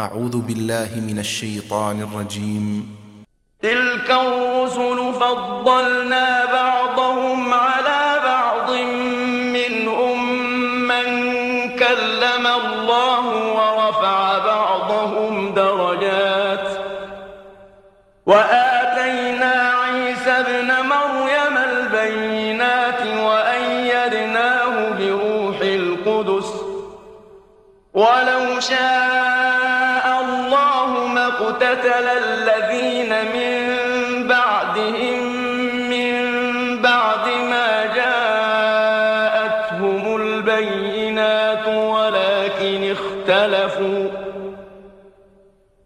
أعوذ بالله من الشيطان الرجيم تلك الرسل فضلنا بعضهم على بعض منهم من كلم الله ورفع بعضهم درجات وآتينا عيسى ابن مريم البينات وأيدناه بروح القدس ولو شاء بدل الذين من بعدهم من بعد ما جاءتهم البينات ولكن اختلفوا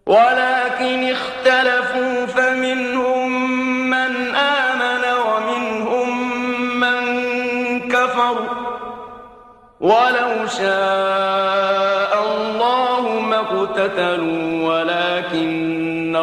ولكن اختلفوا فمنهم من آمن ومنهم من كفر ولو شاء الله ما اقتتلوا ولكن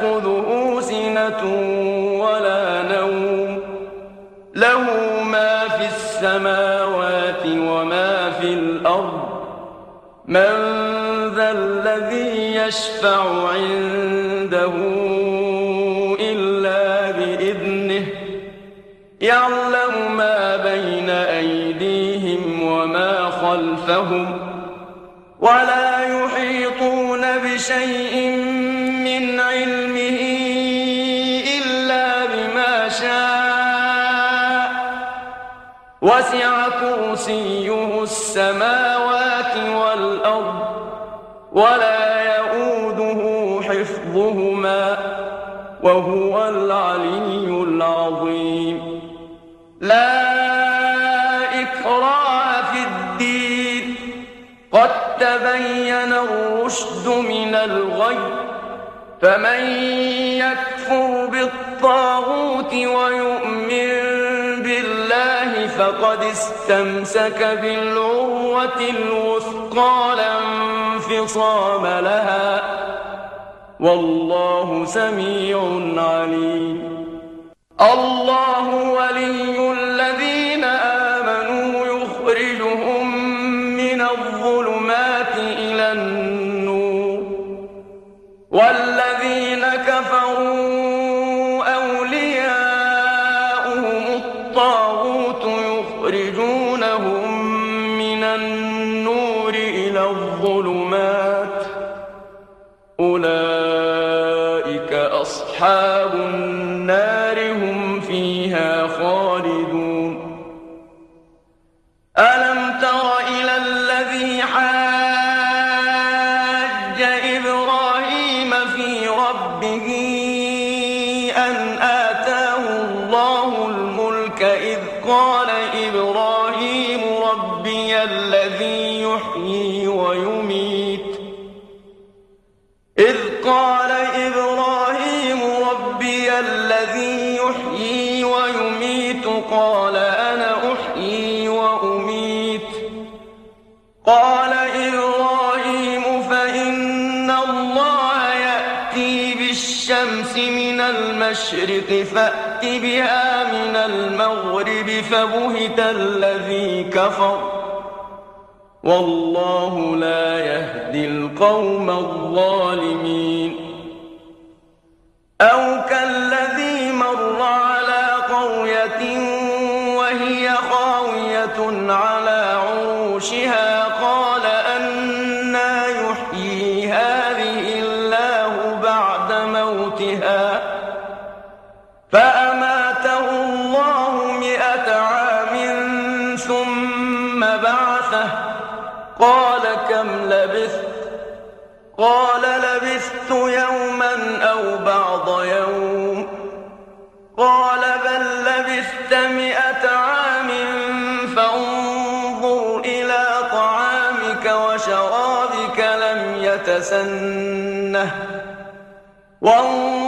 تأخذه سنة ولا نوم له ما في السماوات وما في الأرض من ذا الذي يشفع عنده إلا بإذنه يعلم ما بين أيديهم وما خلفهم ولا يحيطون بشيء وهو العلي العظيم لا إكراه في الدين قد تبين الرشد من الغي فمن يكفر بالطاغوت ويؤمن بالله فقد استمسك بالعروة الوثقى لا انفصام لها والله سميع عليم الله ولي الذي المشرق فأت بها من المغرب فبهت الذي كفر والله لا يهدي القوم الظالمين أو كالذي قال لبثت يوما أو بعض يوم قال بل لبثت مئة عام فانظر إلى طعامك وشرابك لم يتسنه وانظر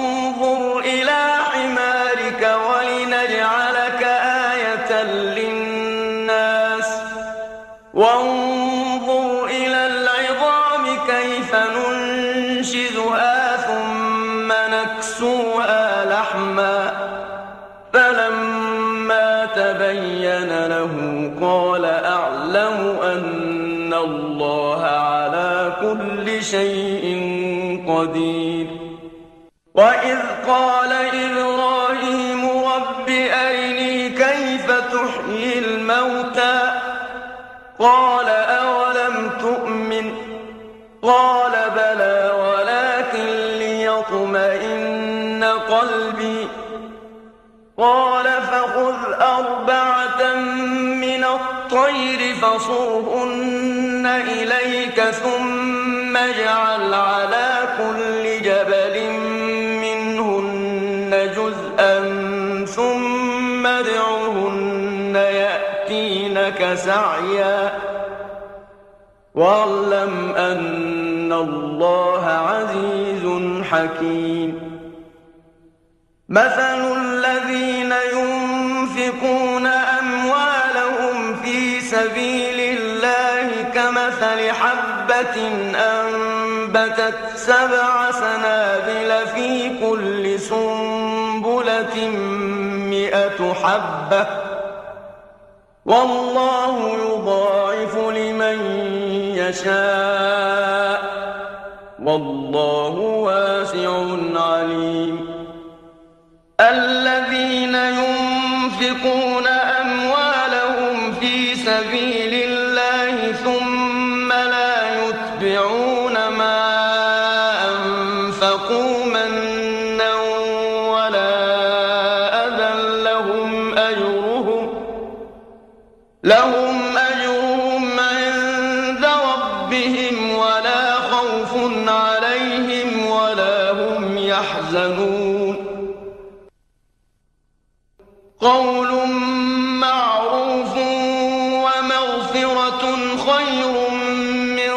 شيء قدير وإذ قال إبراهيم رب أرني كيف تحيي الموتى قال أولم تؤمن قال بلى ولكن ليطمئن قلبي قال فخذ أربعة من الطير فصرهن إليك ثم نجعل على كل جبل منهن جزءا ثم ادعهن يأتينك سعيا واعلم أن الله عزيز حكيم مثل الذين ينفقون أموالهم في سبيل كمثل حبة أنبتت سبع سنابل في كل سنبلة مئة حبة والله يضاعف لمن يشاء والله واسع عليم الذين ينفقون قول معروف ومغفرة خير من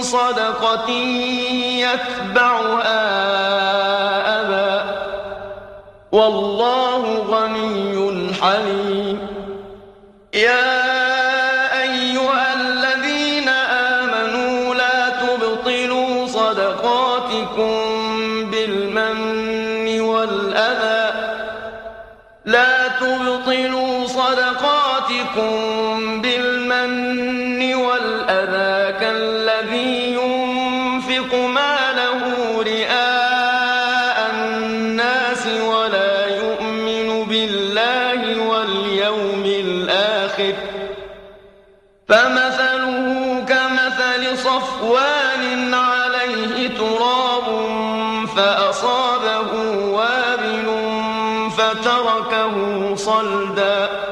صدقة يتبعها أبا والله غني حليم يا يُصِبْكُم بِالْمَنِّ وَالْأَذَىٰ كَالَّذِي يُنفِقُ مَالَهُ رِئَاءَ النَّاسِ وَلَا يُؤْمِنُ بِاللَّهِ وَالْيَوْمِ الْآخِرِ ۖ فَمَثَلُهُ كَمَثَلِ صَفْوَانٍ عَلَيْهِ تُرَابٌ فَأَصَابَهُ وَابِلٌ فَتَرَكَهُ صَلْدًا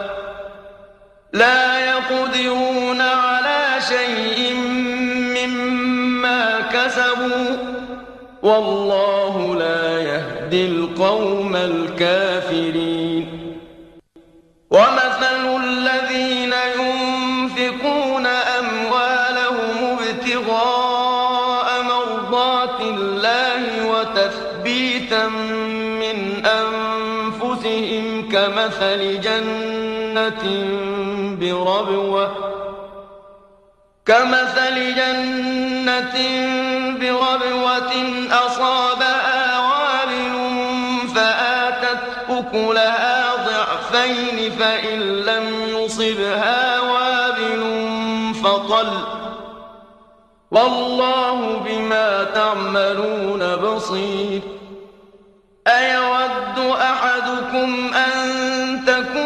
لا يقدرون على شيء مما كسبوا والله لا يهدي القوم الكافرين ومثل الذين ينفقون أموالهم ابتغاء مرضات الله وتثبيتا من أنفسهم كمثل جنة ربوة كمثل جنة بربوة أصابها وابل فآتت أكلها ضعفين فإن لم يصبها وابل فطل والله بما تعملون بصير أيود أحدكم أن تكون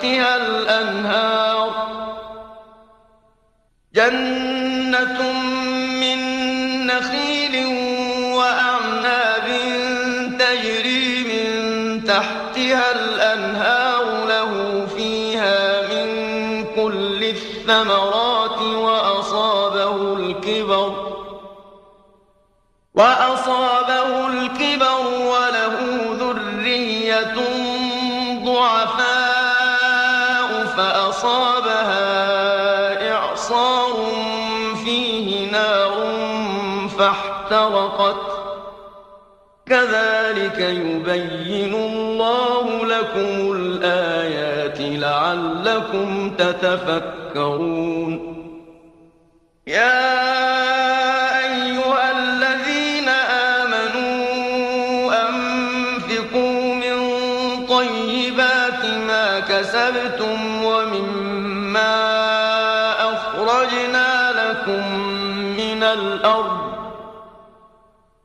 تحتها الأنهار جنة من نخيل وأعناب تجري من تحتها الأنهار له فيها من كل الثمرات وأصابه الكبر وأصابه أصابها إعصار فيه نار فاحترقت كذلك يبين الله لكم الآيات لعلكم تتفكرون يا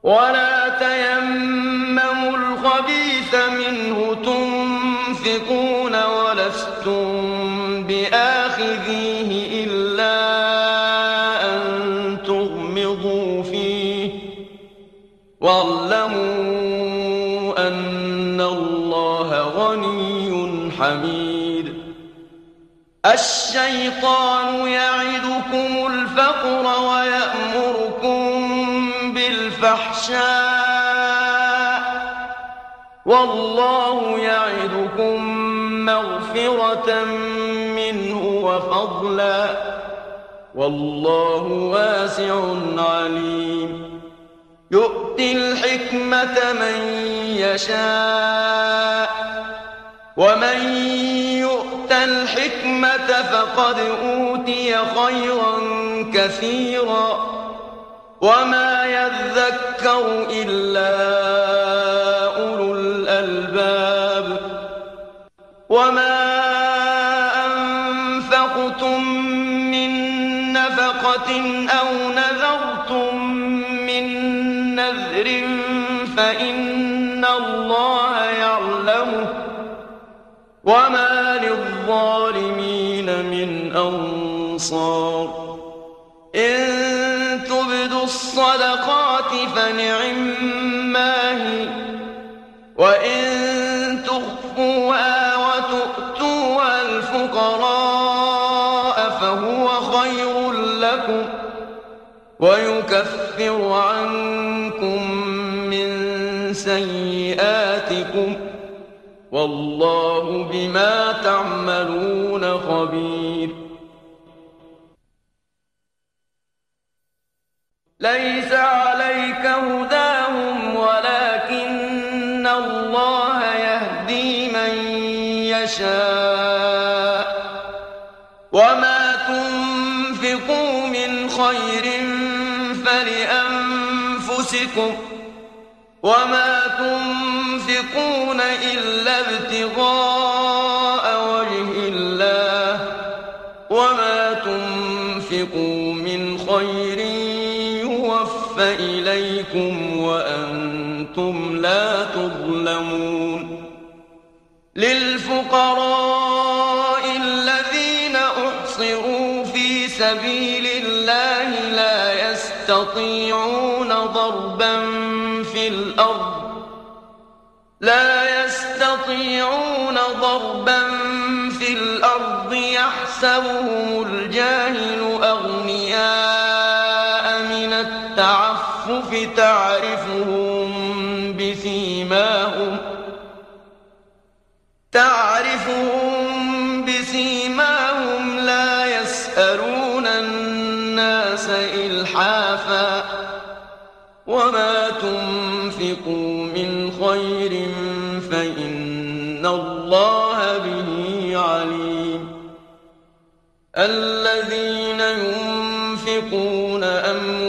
ولا تيمموا الخبيث منه تنفقون ولستم بآخذيه إلا أن تغمضوا فيه واعلموا أن الله غني حميد الشيطان يعدكم الفقر ويعدكم الفحشاء والله يعدكم مغفرة منه وفضلا والله واسع عليم يؤتي الحكمة من يشاء ومن يؤت الحكمة فقد أوتي خيرا كثيرا وما يذكر إلا أولو الألباب وما أنفقتم من نفقة أو نذرتم من نذر فإن الله يعلمه وما للظالمين من أنصار فنعم هي وإن تخفوها وتؤتوها الفقراء فهو خير لكم ويكفر عنكم من سيئاتكم والله بما تعملون خبير ليس على هداهم ولكن الله يهدي من يشاء وما تنفقوا من خير فلأنفسكم وما تنفقون إلا ابتغاء بكم وأنتم لا تظلمون للفقراء الذين أحصروا في سبيل الله لا يستطيعون ضربا في الأرض لا يستطيعون ضربا في الأرض يحسبهم الجاهل أغنياء الصحف تعرفهم بسيماهم تعرفهم بسيماهم لا يسألون الناس إلحافا وما تنفقوا من خير فإن الله به عليم الذين ينفقون أموالهم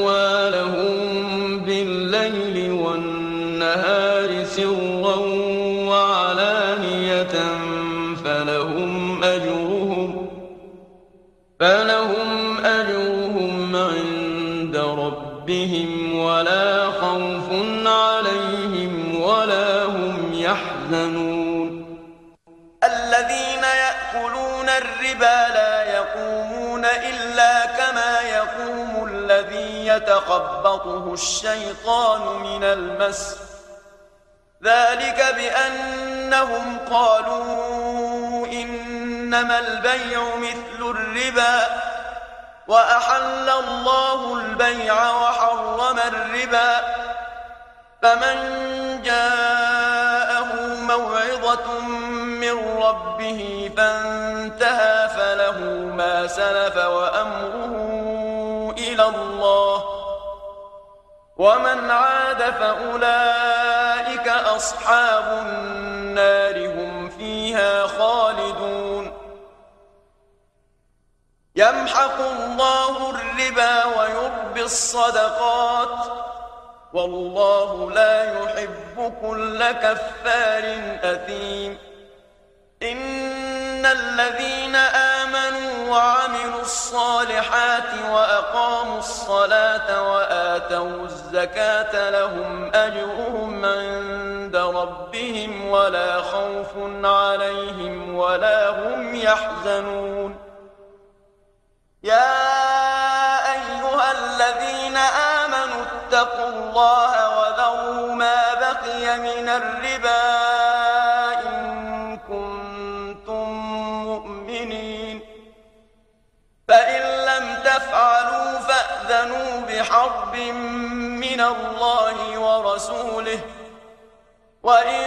الربا لا يقومون إلا كما يقوم الذي يتخبطه الشيطان من المس ذلك بأنهم قالوا إنما البيع مثل الربا وأحل الله البيع وحرم الربا فمن جاء من ربه فانتهى فله ما سلف وأمره إلى الله ومن عاد فأولئك أصحاب النار هم فيها خالدون يمحق الله الربا ويربي الصدقات والله لا يحب كل كفار أثيم إن الذين آمنوا وعملوا الصالحات وأقاموا الصلاة وآتوا الزكاة لهم أجرهم عند ربهم ولا خوف عليهم ولا هم يحزنون يا أيها الذين آمنوا اتقوا الله وذروا ما بقي من الربا فاستأذنوا بحرب من الله ورسوله وإن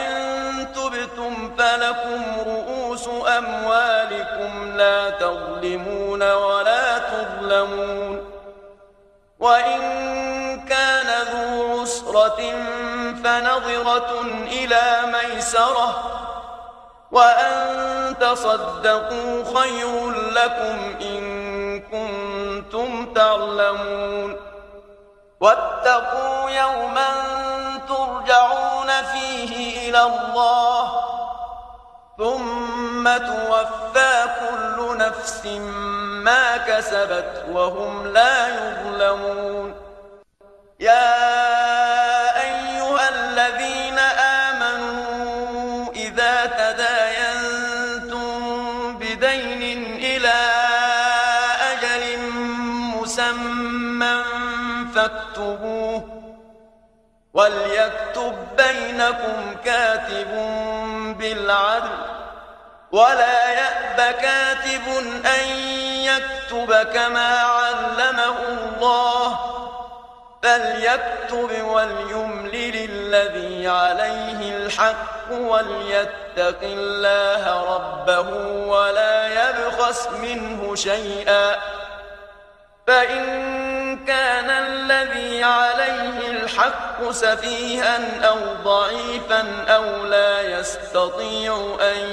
تبتم فلكم رؤوس أموالكم لا تظلمون ولا تظلمون وإن كان ذو عسرة فنظرة إلى ميسرة وأن تصدقوا خير لكم إن كنتم تعلمون واتقوا يوما ترجعون فيه إلى الله ثم توفى كل نفس ما كسبت وهم لا يظلمون يا أيها الذين آمنوا إذا تداروا وليكتب بينكم كاتب بالعدل ولا يأب كاتب أن يكتب كما علمه الله فليكتب وليملل الذي عليه الحق وليتق الله ربه ولا يبخس منه شيئا فإن كان الذي عليه الحق سفيها أو ضعيفا أو لا يستطيع أن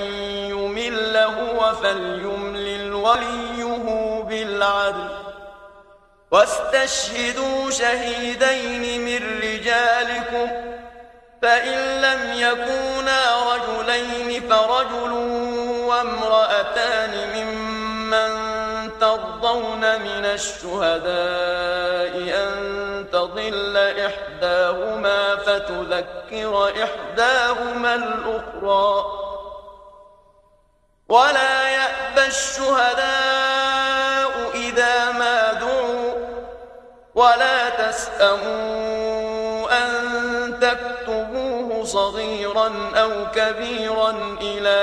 يمل هو فليملل وليه بالعدل واستشهدوا شهيدين من رجالكم فإن لم يكونا رجلين فرجل وامرأتان من من الشهداء أن تضل إحداهما فتذكر إحداهما الأخرى ولا يأبى الشهداء إذا ما دعوا ولا تسأموا أن تكتبوه صغيرا أو كبيرا إلى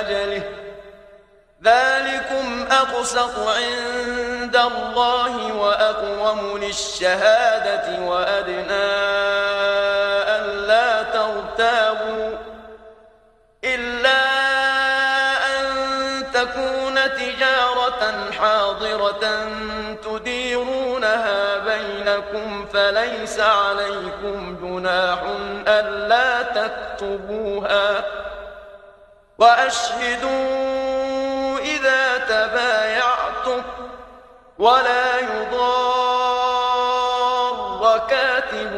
أجله ذلك أقسط عند الله وأقوم للشهادة وأدنى ألا ترتابوا إلا أن تكون تجارة حاضرة تديرونها بينكم فليس عليكم جناح ألا تكتبوها وأشهدوا إذا تبايعتم ولا يضار كاتب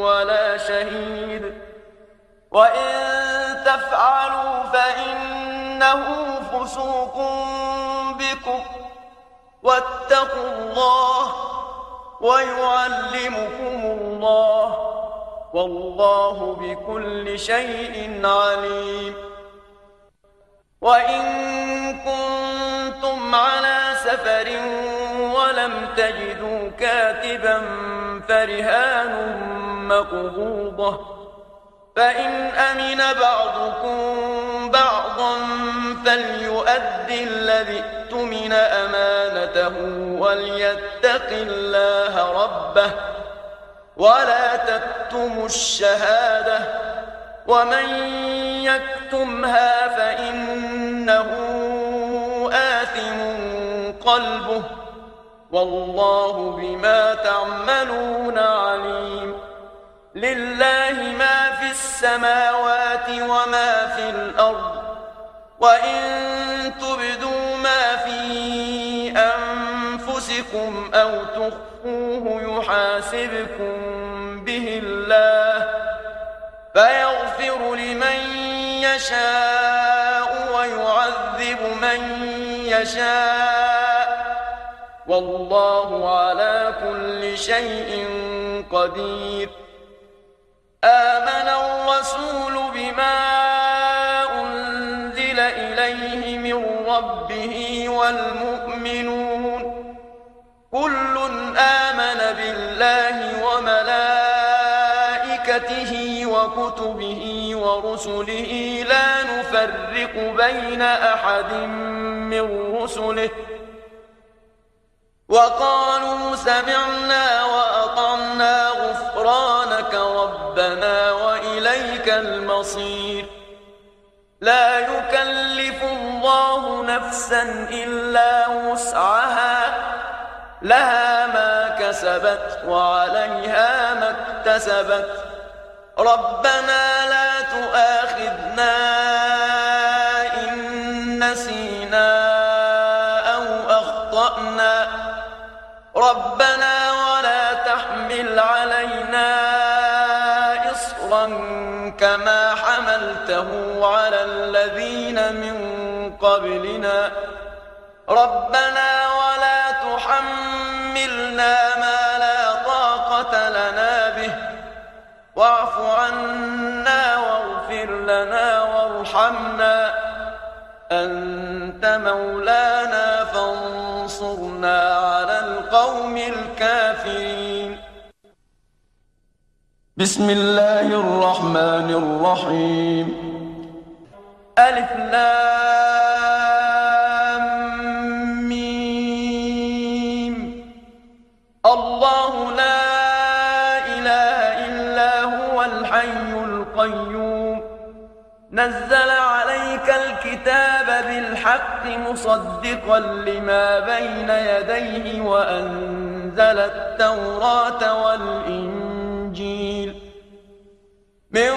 ولا شهيد وإن تفعلوا فإنه فسوق بكم واتقوا الله ويعلمكم الله والله بكل شيء عليم وإن كنتم على سفر ولم تجدوا كاتبا فرهان مقبوضة فإن أمن بعضكم بعضا فليؤدي الذي اؤتمن أمانته وليتق الله ربه ولا تكتموا الشهاده ومن يكتمها فإنه آثم قلبه والله بما تعملون عليم لله ما في السماوات وما في الأرض وإن تبدوا ما في أنفسكم أو تخفوه يحاسبكم به الله فيغفر لمن يشاء ويعذب من يشاء والله على كل شيء قدير آمن الرسول بما أنزل إليه من ربه والمؤمنين وكتبه ورسله لا نفرق بين أحد من رسله وقالوا سمعنا وأطعنا غفرانك ربنا وإليك المصير لا يكلف الله نفسا إلا وسعها لها ما كسبت وعليها ما اكتسبت ربنا لا تؤاخذنا إن نسينا أو أخطأنا ربنا ولا تحمل علينا إصرا كما حملته على الذين من قبلنا ربنا ولا تحملنا ما لا طاقة لنا واعف عنا واغفر لنا وارحمنا أنت مولانا فانصرنا على القوم الكافرين بسم الله الرحمن الرحيم ألف لام الكتاب بالحق مصدقا لما بين يديه وأنزل التوراة والإنجيل من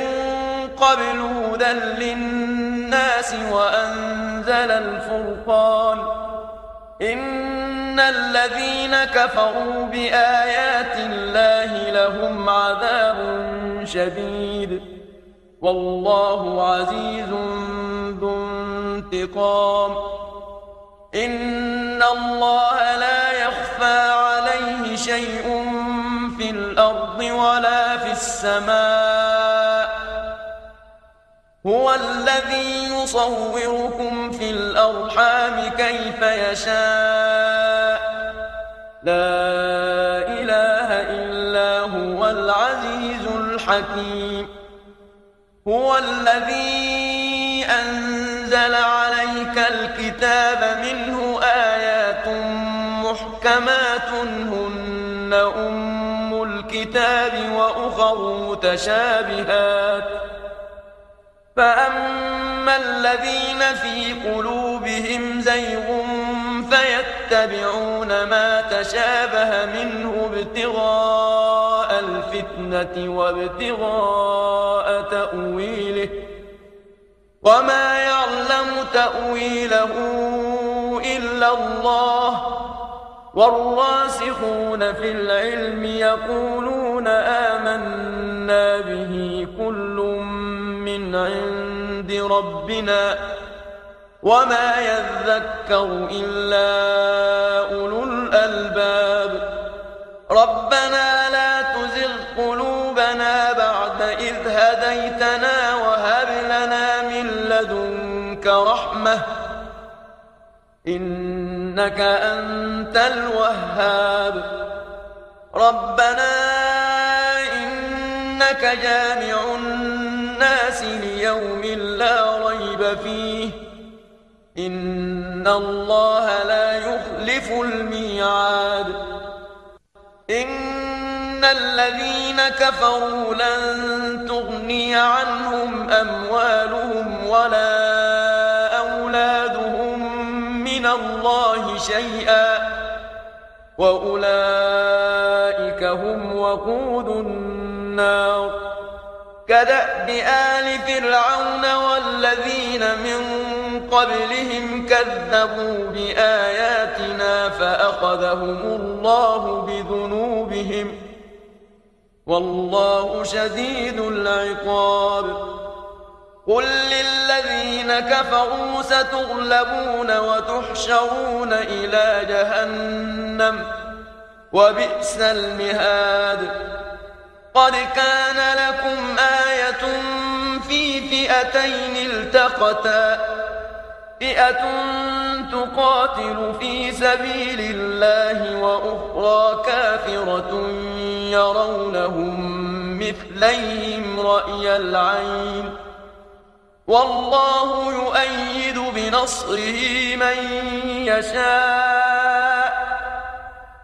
قبل هدى للناس وأنزل الفرقان إن الذين كفروا بآيات الله لهم عذاب شديد والله عزيز ذو انتقام إن الله لا يخفى عليه شيء في الأرض ولا في السماء هو الذي يصوركم في الأرحام كيف يشاء لا إله إلا هو العزيز الحكيم هو الذي أنزل عليك الكتاب منه آيات محكمات هن أم الكتاب وأخر متشابهات فأما الذين في قلوبهم زيغ فيتبعون ما تشابه منه ابتغاء الفتنة وابتغاء تأويله وما يعلم تأويله إلا الله والراسخون في العلم يقولون آمنا به كل من عند ربنا وما يذكر إلا أولو الألباب ربنا لا تزغ قلوبنا بعد إذ هديتنا إنك أنت الوهاب ربنا إنك جامع الناس ليوم لا ريب فيه إن الله لا يخلف الميعاد إن الذين كفروا لن تغني عنهم أموالهم ولا الله شيئا وأولئك هم وقود النار كدأب آل فرعون والذين من قبلهم كذبوا بآياتنا فأخذهم الله بذنوبهم والله شديد العقاب قل للذين كفروا ستغلبون وتحشرون إلى جهنم وبئس المهاد قد كان لكم آية في فئتين التقتا فئة تقاتل في سبيل الله وأخرى كافرة يرونهم مثليهم رأي العين والله يؤيد بنصره من يشاء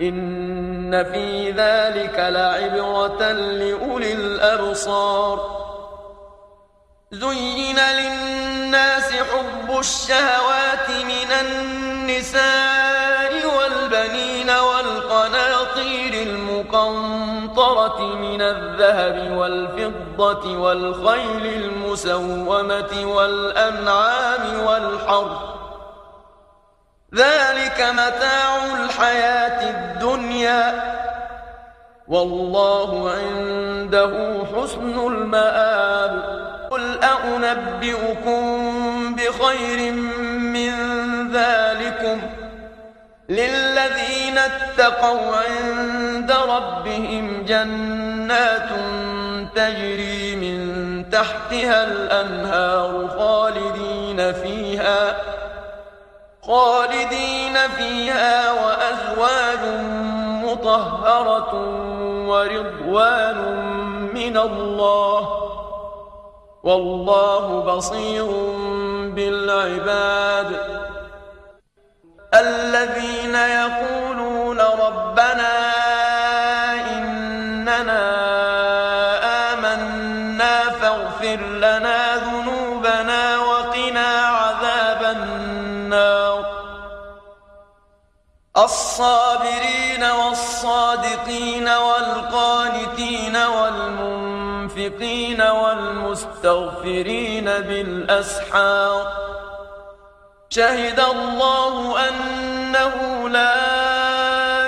إن في ذلك لعبرة لأولي الأبصار زين للناس حب الشهوات من النساء من الذهب والفضة والخيل المسومة والأنعام والحر ذلك متاع الحياة الدنيا والله عنده حسن المآب قل أنبئكم بخير من ذلكم ۖ للذين اتقوا عند ربهم جنات تجري من تحتها الأنهار خالدين فيها خالدين فيها وأزواج مطهرة ورضوان من الله والله بصير بالعباد الذين يقولون ربنا إننا آمنا فاغفر لنا ذنوبنا وقنا عذاب النار الصابرين والصادقين والقانتين والمنفقين والمستغفرين بالأسحار شهد الله أنه لا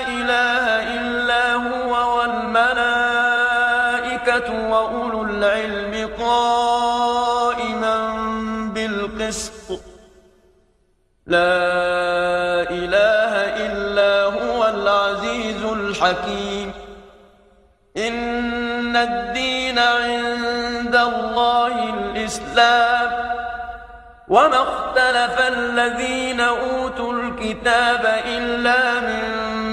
إله إلا هو والملائكة وأولو العلم قائما بالقسط لا إله إلا هو العزيز الحكيم إن الدين عند الله الإسلام وما اختلف الذين أوتوا الكتاب إلا من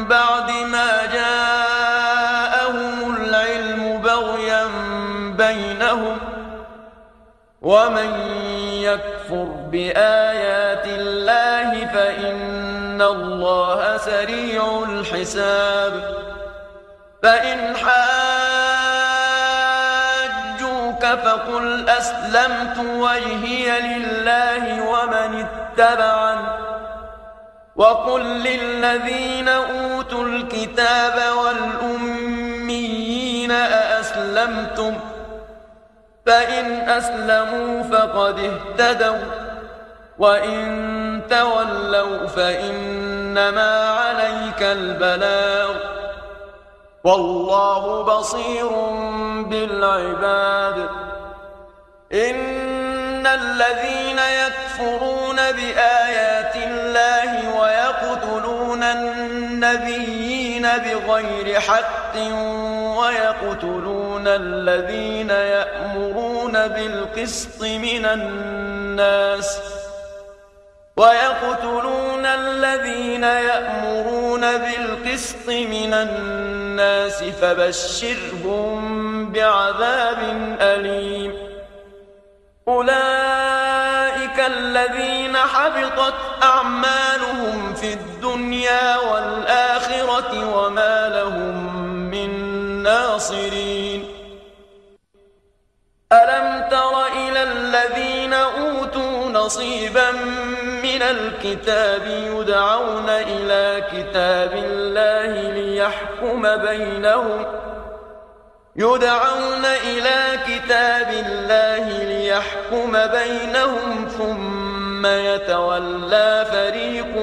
بعد ما جاءهم العلم بغيا بينهم ومن يكفر بآيات الله فإن الله سريع الحساب فإن حاجة فقل أسلمت وجهي لله ومن اتبعن وقل للذين أوتوا الكتاب والأميين أأسلمتم فإن أسلموا فقد اهتدوا وإن تولوا فإنما عليك البلاغ والله بصير بالعباد إن الذين يكفرون بآيات الله ويقتلون النبيين بغير حق ويقتلون الذين يأمرون بالقسط من الناس ويقتلون الذين يأمرون بالقسط من الناس فبشرهم بعذاب أليم أولئك الذين حبطت أعمالهم في الدنيا والآخرة وما لهم من ناصرين ألم تر إلى الذين أوتوا نصيبا من الكتاب يدعون إلى كتاب الله ليحكم بينهم ۖ يدعون إلى كتاب الله ليحكم بينهم ثم يتولى فريق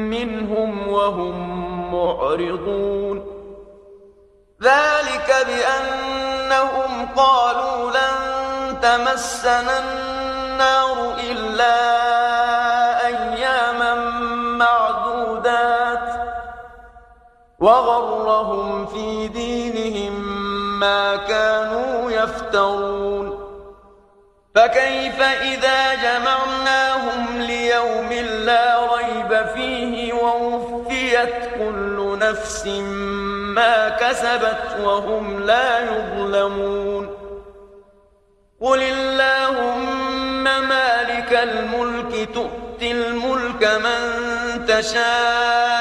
منهم وهم معرضون ذلك بأنهم قالوا لن تمسنا النار إلا أياما معدودات وغرهم في دينهم ما كانوا يفترون فكيف إذا جمعناهم ليوم لا ريب فيه ووفيت كل نفس ما كسبت وهم لا يظلمون قل اللهم مالك الملك تؤتي الملك من تشاء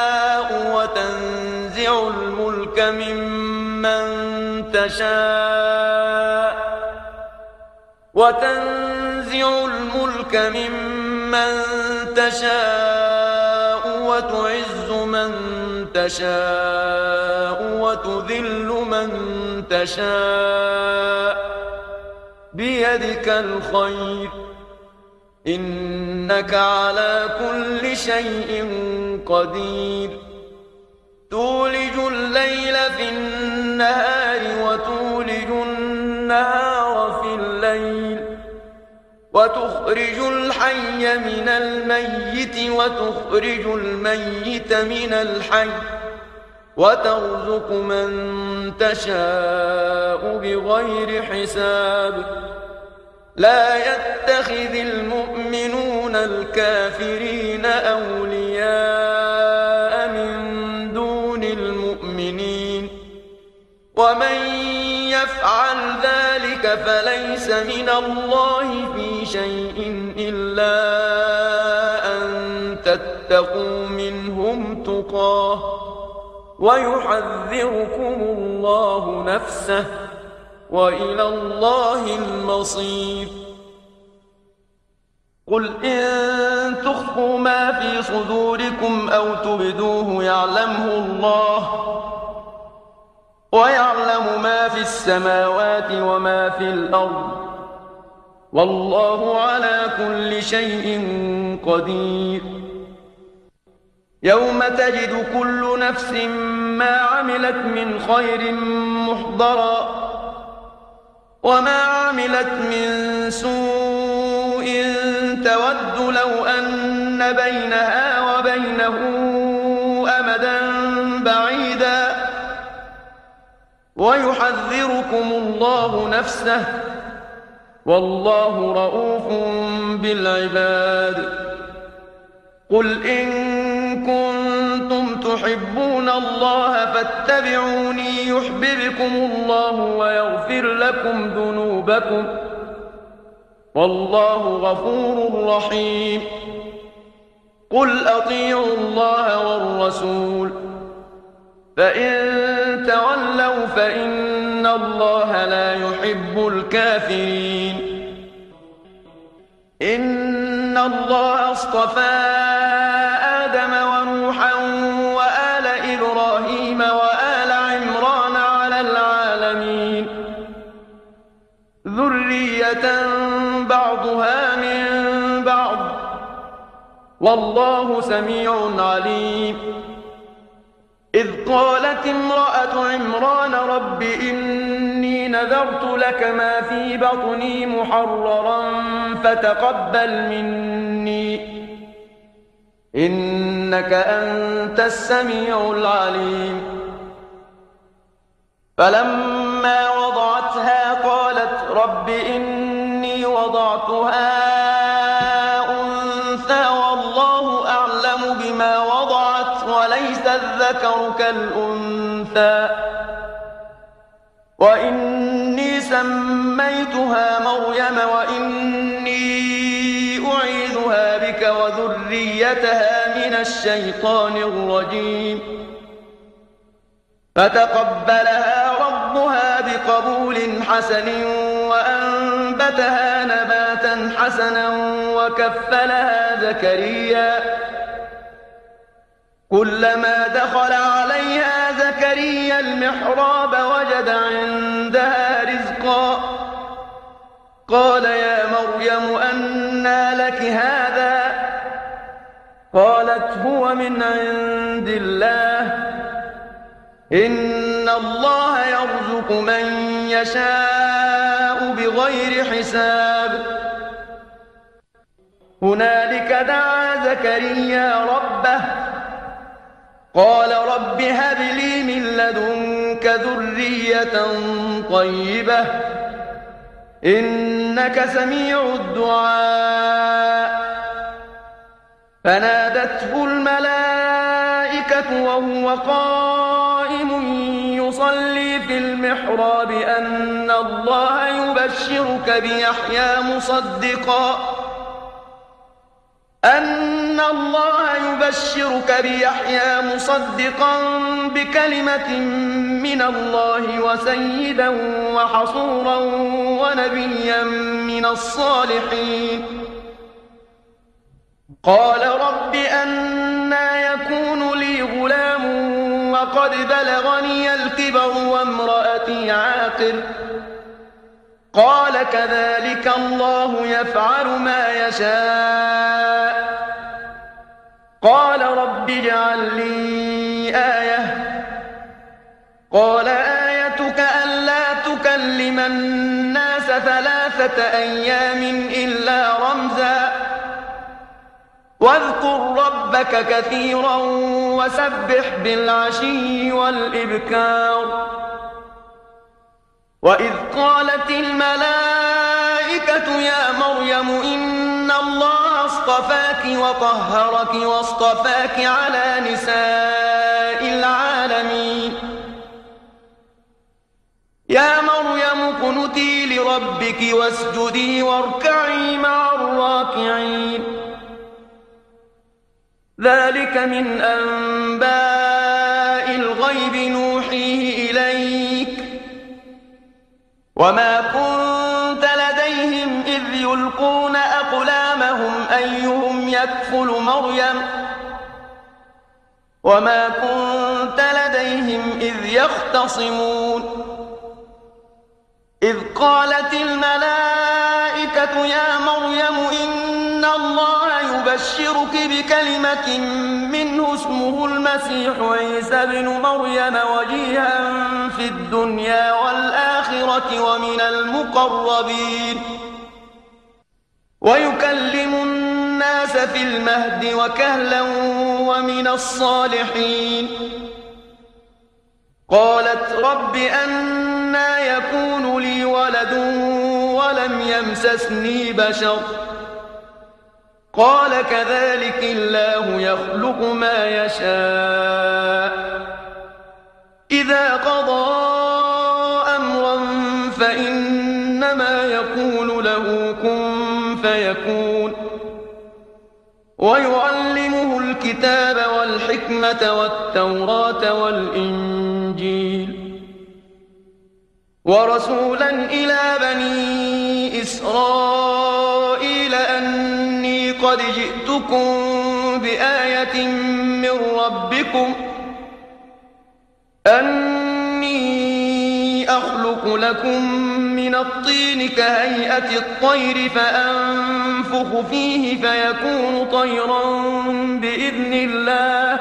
تشاء وتنزع الملك ممن تشاء وتعز من تشاء وتذل من تشاء بيدك الخير إنك على كل شيء قدير تولج الليل في النهار وتولج النهار في الليل وتخرج الحي من الميت وتخرج الميت من الحي وترزق من تشاء بغير حساب لا يتخذ المؤمنون الكافرين أولياء يفعل ذلك فليس من الله في شيء إلا أن تتقوا منهم تقاه ويحذركم الله نفسه وإلى الله المصير قل إن تخفوا ما في صدوركم أو تبدوه يعلمه الله ويعلم ما في السماوات وما في الأرض والله على كل شيء قدير يوم تجد كل نفس ما عملت من خير محضرا وما عملت من سوء تود لو أن بينها وبينه أمداً ويحذركم الله نفسه والله رؤوف بالعباد قل إن كنتم تحبون الله فاتبعوني يحببكم الله ويغفر لكم ذنوبكم والله غفور رحيم قل أطيعوا الله والرسول فإن تولوا فإن الله لا يحب الكافرين إن الله اصطفى آدم ونوحا وآل إبراهيم وآل عمران على العالمين ذرية بعضها من بعض والله سميع عليم إذ قالت امرأة عمران رب إني نذرت لك ما في بطني محررا فتقبل مني إنك أنت السميع العليم فلما وضعتها قالت رب إني وضعتها الذكر كالأنثى وإني سميتها مريم وإني أعيذها بك وذريتها من الشيطان الرجيم فتقبلها ربها بقبول حسن وأنبتها نباتا حسنا وكفلها زكريا كلما دخل عليها زكريا المحراب وجد عندها رزقا قال يا مريم أنى لك هذا قالت هو من عند الله إن الله يرزق من يشاء بغير حساب هنالك دعا زكريا ربه قال رب هب لي من لدنك ذرية طيبة إنك سميع الدعاء فنادته الملائكة وهو قائم يصلي في المحراب أن الله يبشرك بيحيى مصدقاً أن الله يبشرك بيحيى مصدقا بكلمة من الله وسيدا وحصورا ونبيا من الصالحين قال رب أنا يكون لي غلام وقد بلغني الكبر وامرأتي عاقر قال كذلك الله يفعل ما يشاء قال رب اجعل لي آية قال آيتك ألا تكلم الناس ثلاثة أيام إلا رمزا واذكر ربك كثيرا وسبح بالعشي والإبكار وإذ قالت الملائكة يا مريم إن الله اصطفاك وطهرك واصطفاك على نساء العالمين يا مريم اقنتي لربك واسجدي واركعي مع الراكعين ذلك من أنباء وما كنت لديهم إذ يلقون أقلامهم أيهم يكفل مريم وما كنت لديهم إذ يختصمون إذ قالت الملائكة يا مريم إن الله يبشرك بكلمة منه اسمه المسيح عيسى بن مريم وجيها في الدنيا السحرة ومن المقربين ويكلم الناس في المهد وكهلا ومن الصالحين قالت رب أنا يكون لي ولد ولم يمسسني بشر قال كذلك الله يخلق ما يشاء إذا قضى ويعلمه الكتاب والحكمة والتوراة والإنجيل ورسولا إلى بني إسرائيل أني قد جئتكم بآية من ربكم أني أخلق لكم من الطين كهيئة الطير فأنفخ فيه فيكون طيرا بإذن الله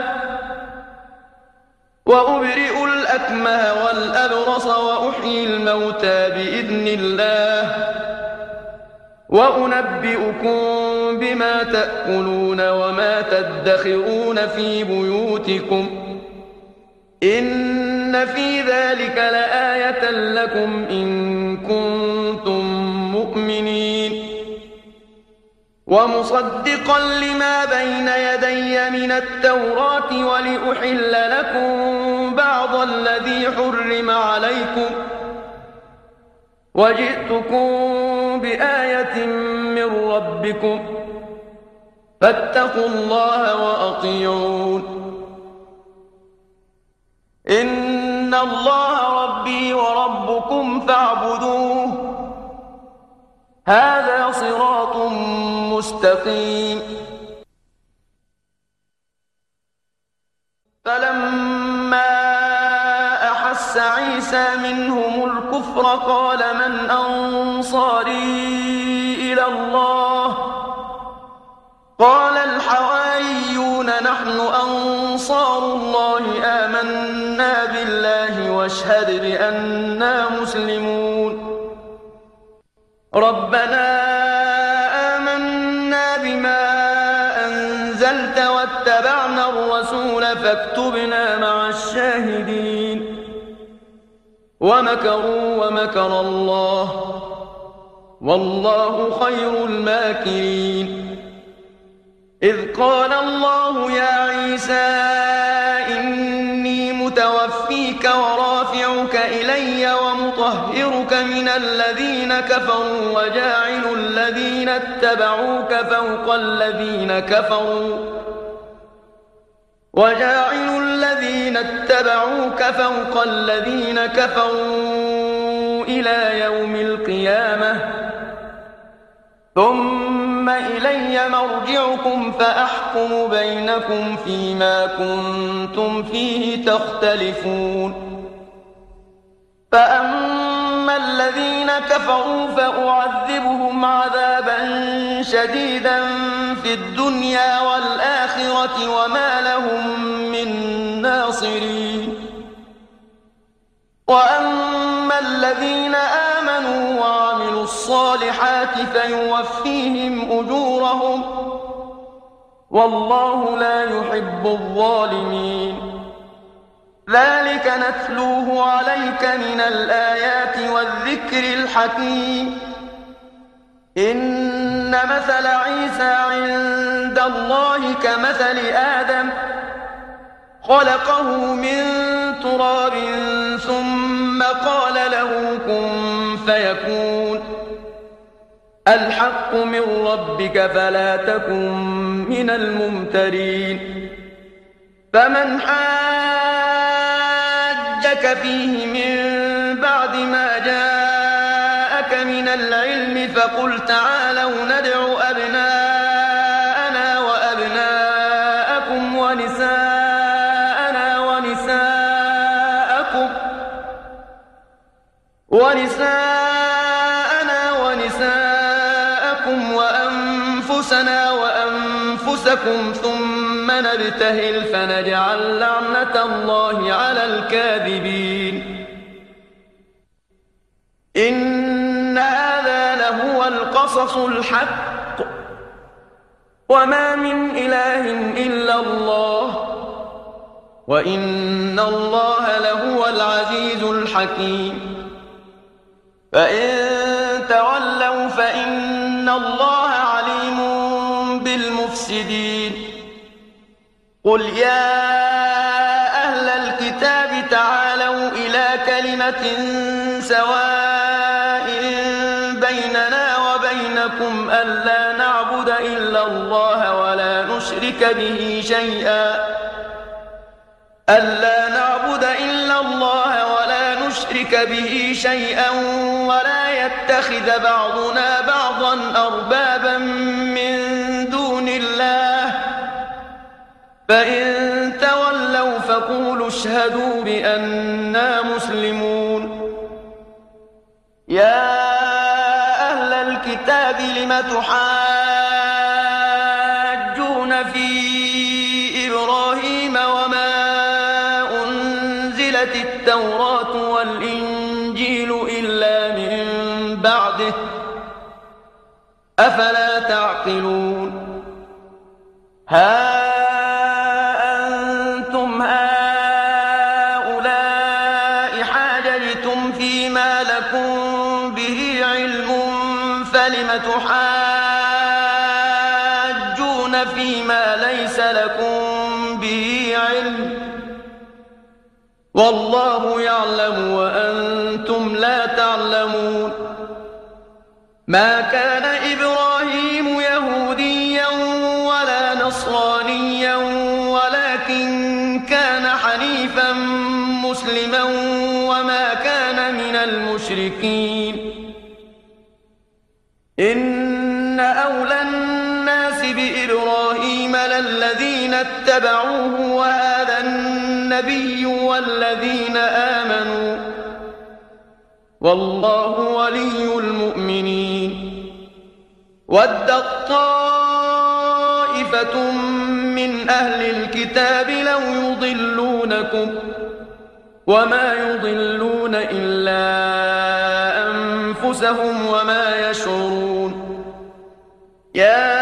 وأبرئ الأكمه والأبرص وأحيي الموتى بإذن الله وأنبئكم بما تأكلون وما تدخرون في بيوتكم ۖ إن في ذلك لآية لكم إن كنتم مؤمنين ومصدقا لما بين يدي من التوراة ولأحل لكم بعض الذي حرم عليكم وجئتكم بآية من ربكم فاتقوا الله وأطيعون إن الله ربي وربكم فاعبدوه هذا صراط مستقيم فلما أحس عيسى منهم الكفر قال من أنصاري إلى الله قال الحواريون نحن أنصار الله آمين واشهد بأننا مسلمون ربنا آمنا بما أنزلت واتبعنا الرسول فاكتبنا مع الشاهدين ومكروا ومكر الله والله خير الماكرين إذ قال الله يا عيسى يطهرك من الذين كفروا وجاعل الذين اتبعوك فوق الذين كفروا وجاعل الذين اتبعوك فوق الذين كفروا إلى يوم القيامة ثم إلي مرجعكم فأحكم بينكم فيما كنتم فيه تختلفون فأما الذين كفروا فأعذبهم عذابا شديدا في الدنيا والآخرة وما لهم من ناصرين وأما الذين آمنوا وعملوا الصالحات فيوفيهم أجورهم والله لا يحب الظالمين ذلك نتلوه عليك من الآيات والذكر الحكيم إن مثل عيسى عند الله كمثل آدم خلقه من تراب ثم قال له كن فيكون الحق من ربك فلا تكن من الممترين فمن حاج لك فيه من بعد ما جاءك من العلم فقل تعالوا ندع أبناءنا وأبناءكم ونساءنا ونساءكم ونساءنا ونساءكم وأنفسنا وأنفسكم ثم نستهل فنجعل لعنة الله على الكاذبين إن هذا لهو القصص الحق وما من إله إلا الله وإن الله لهو العزيز الحكيم فإن تولوا فإن الله عليم بالمفسدين قل يا أهل الكتاب تعالوا إلى كلمة سواء بيننا وبينكم ألا نعبد إلا الله ولا نشرك به شيئا ألا نعبد إلا الله ولا نشرك به شيئا ولا يتخذ بعضنا بعضا أو فإن تولوا فقولوا اشهدوا بأننا مسلمون يا أهل الكتاب لم تحاجون في إبراهيم وما أنزلت التوراة والإنجيل إلا من بعده أفلا تعقلون هذا والله يعلم وأنتم لا تعلمون ما كان إبراهيم يهوديا ولا نصرانيا ولكن كان حنيفا مسلما وما كان من المشركين إن أولى الناس بإبراهيم للذين اتبعوه وهذا الناس النبي والذين آمنوا والله ولي المؤمنين ودت طائفة من أهل الكتاب لو يضلونكم وما يضلون إلا أنفسهم وما يشعرون يا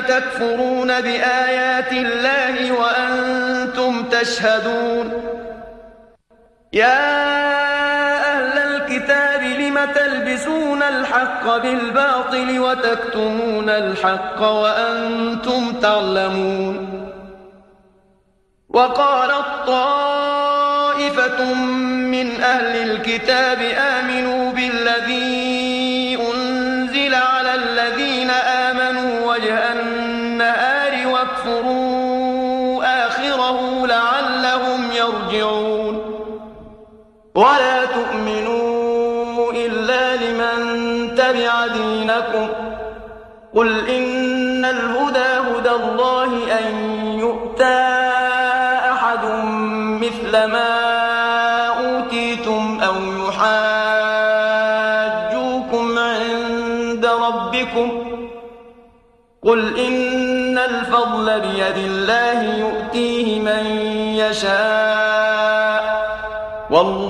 تكفرون بآيات الله وأنتم تشهدون يا أهل الكتاب لم تلبسون الحق بالباطل وتكتمون الحق وأنتم تعلمون وقالت طائفة من أهل الكتاب آمنوا بالذين ولا تؤمنوا إلا لمن تبع دينكم قل إن الهدى هدى الله أن يؤتى أحد مثل ما أوتيتم أو يحاجوكم عند ربكم قل إن الفضل بيد الله يؤتيه من يشاء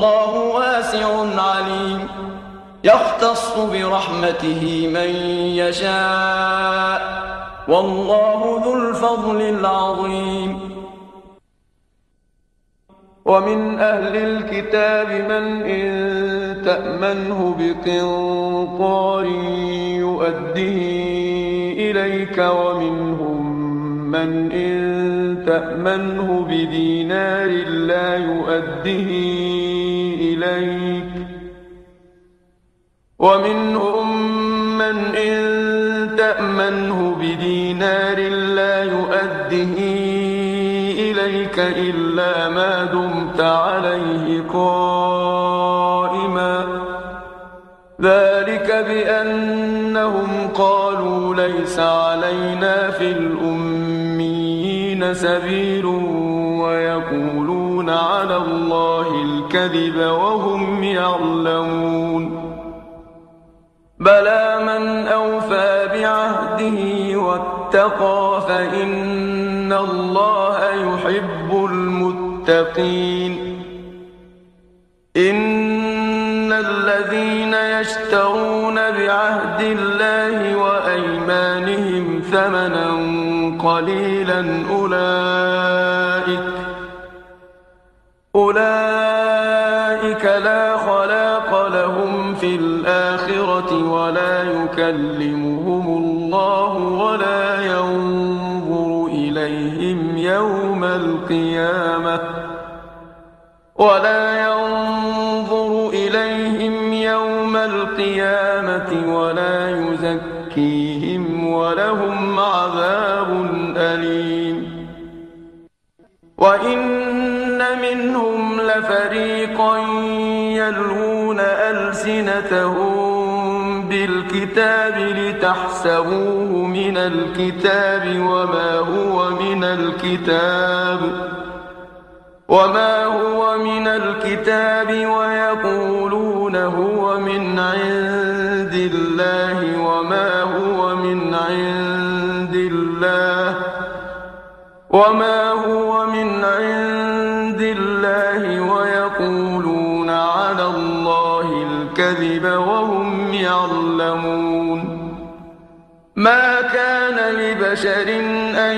والله واسع عليم يختص برحمته من يشاء والله ذو الفضل العظيم ومن أهل الكتاب من إن تأمنه بقنطار يؤديه إليك ومنهم من إن تأمنه بدينار لا يؤديه إليك ومنهم من إن تأمنه بدينار لا يؤده إليك إلا ما دمت عليه قائما ذلك بأنهم قالوا ليس علينا في الأمين سبيل ويقولون يفترون على الله الكذب وهم يعلمون بلى من أوفى بعهده واتقى فإن الله يحب المتقين إن الذين يشترون بعهد الله وأيمانهم ثمنا قليلا أولئك أولئك لا خلاق لهم في الآخرة ولا يكلمهم الله ولا ينظر إليهم يوم القيامة ولا ينظر إليهم يوم القيامة ولا يزكيهم ولهم عذاب أليم وإن فريقا يلهون ألسنتهم بالكتاب لتحسبوه من الكتاب وما هو من الكتاب وما هو من الكتاب ويقولون هو من عند الله وما هو من عند الله وما هو من الكذب وهم يعلمون ما كان لبشر أن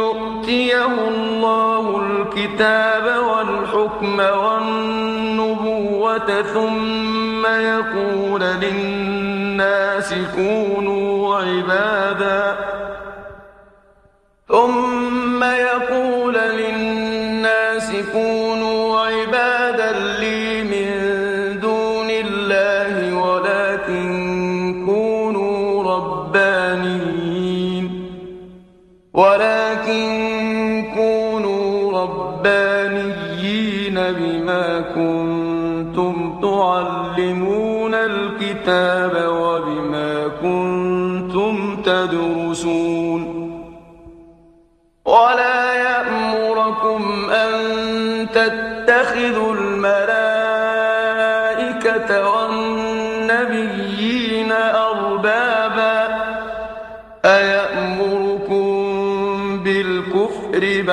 يؤتيه الله الكتاب والحكم والنبوة ثم يقول للناس كونوا عبادا ثم ولكن كونوا ربانيين بما كنتم تعلمون الكتاب وبما كنتم تدرسون ولا يأمركم أن تتخذوا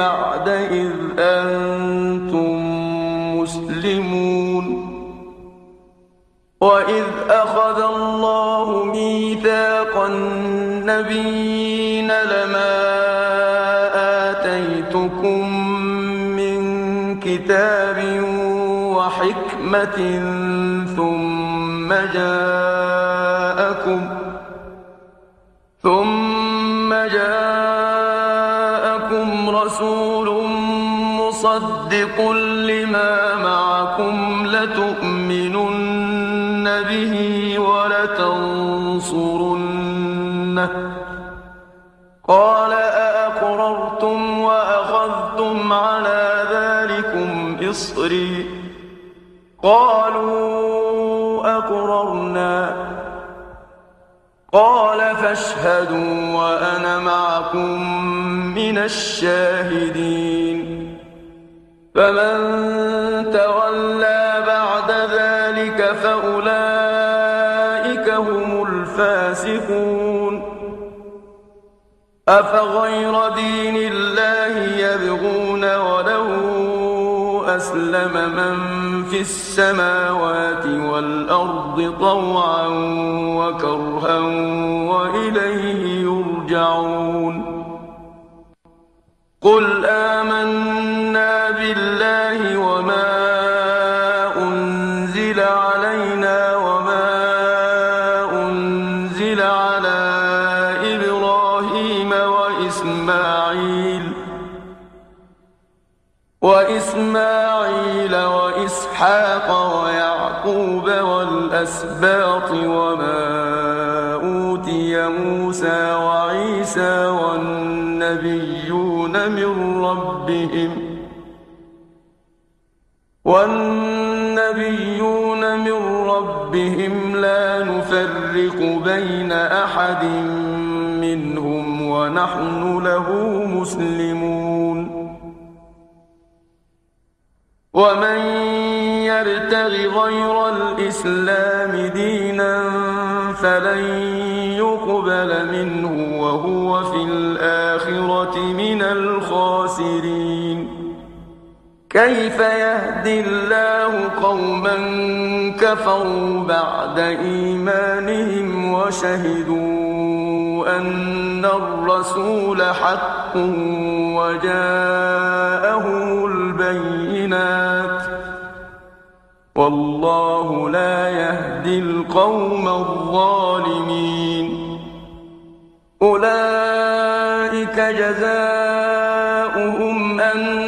بعد إذ أنتم مسلمون وإذ أخذ الله ميثاق النبيين لما آتيتكم من كتاب وحكمة ثم جاءتكم لكل ما معكم لتؤمنن به ولتنصرنه قال أأقررتم وأخذتم على ذلكم إصري قالوا أقررنا قال فاشهدوا وأنا معكم من الشاهدين فمن تولى بعد ذلك فأولئك هم الفاسقون أفغير دين الله يبغون وله أسلم من في السماوات والأرض طوعا وكرها وإليه يرجعون قل آمنا الله وما أنزل علينا وما أنزل على إبراهيم وإسماعيل وإسماعيل وإسحاق ويعقوب والأسباط وما أوتي موسى وعيسى والنبيون من ربهم والنبيون من ربهم لا نفرق بين أحد منهم ونحن له مسلمون ومن يرتغ غير الإسلام دينا فلن يقبل منه وهو في الآخرة من الخاسرين كيف يهدي الله قوما كفروا بعد إيمانهم وشهدوا أن الرسول حق وجاءهم البينات والله لا يهدي القوم الظالمين أولئك جزاؤهم أن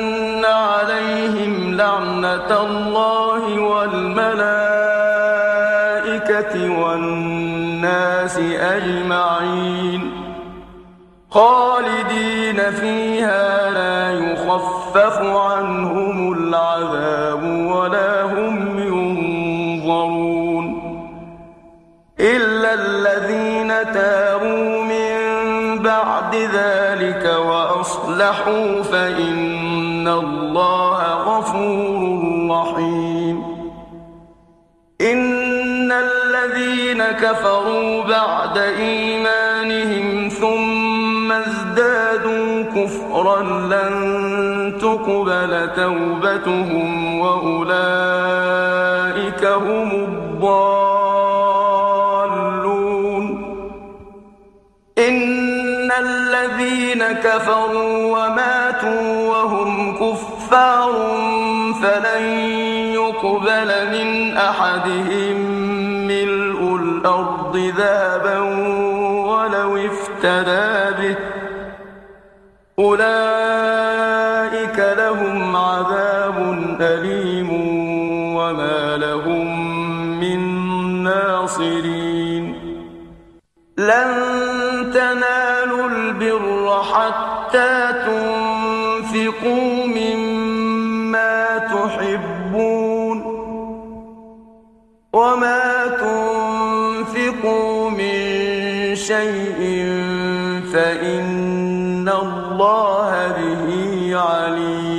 لعنة الله والملائكة والناس أجمعين خالدين فيها لا يخفف عنهم العذاب ولا هم ينظرون إلا الذين تابوا من بعد ذلك وأصلحوا فإن إن الله غفور رحيم إن الذين كفروا بعد إيمانهم ثم ازدادوا كفرا لن تقبل توبتهم وأولئك هم الضالون إن الذين كفروا وماتوا وهم كفار فلن يقبل من أحدهم ملء الأرض ذهبا ولو افتدى به أولئك لهم عذاب أليم وما لهم من ناصرين لن تنالوا البر حتى وما تنفقوا من شيء فإن الله به عليم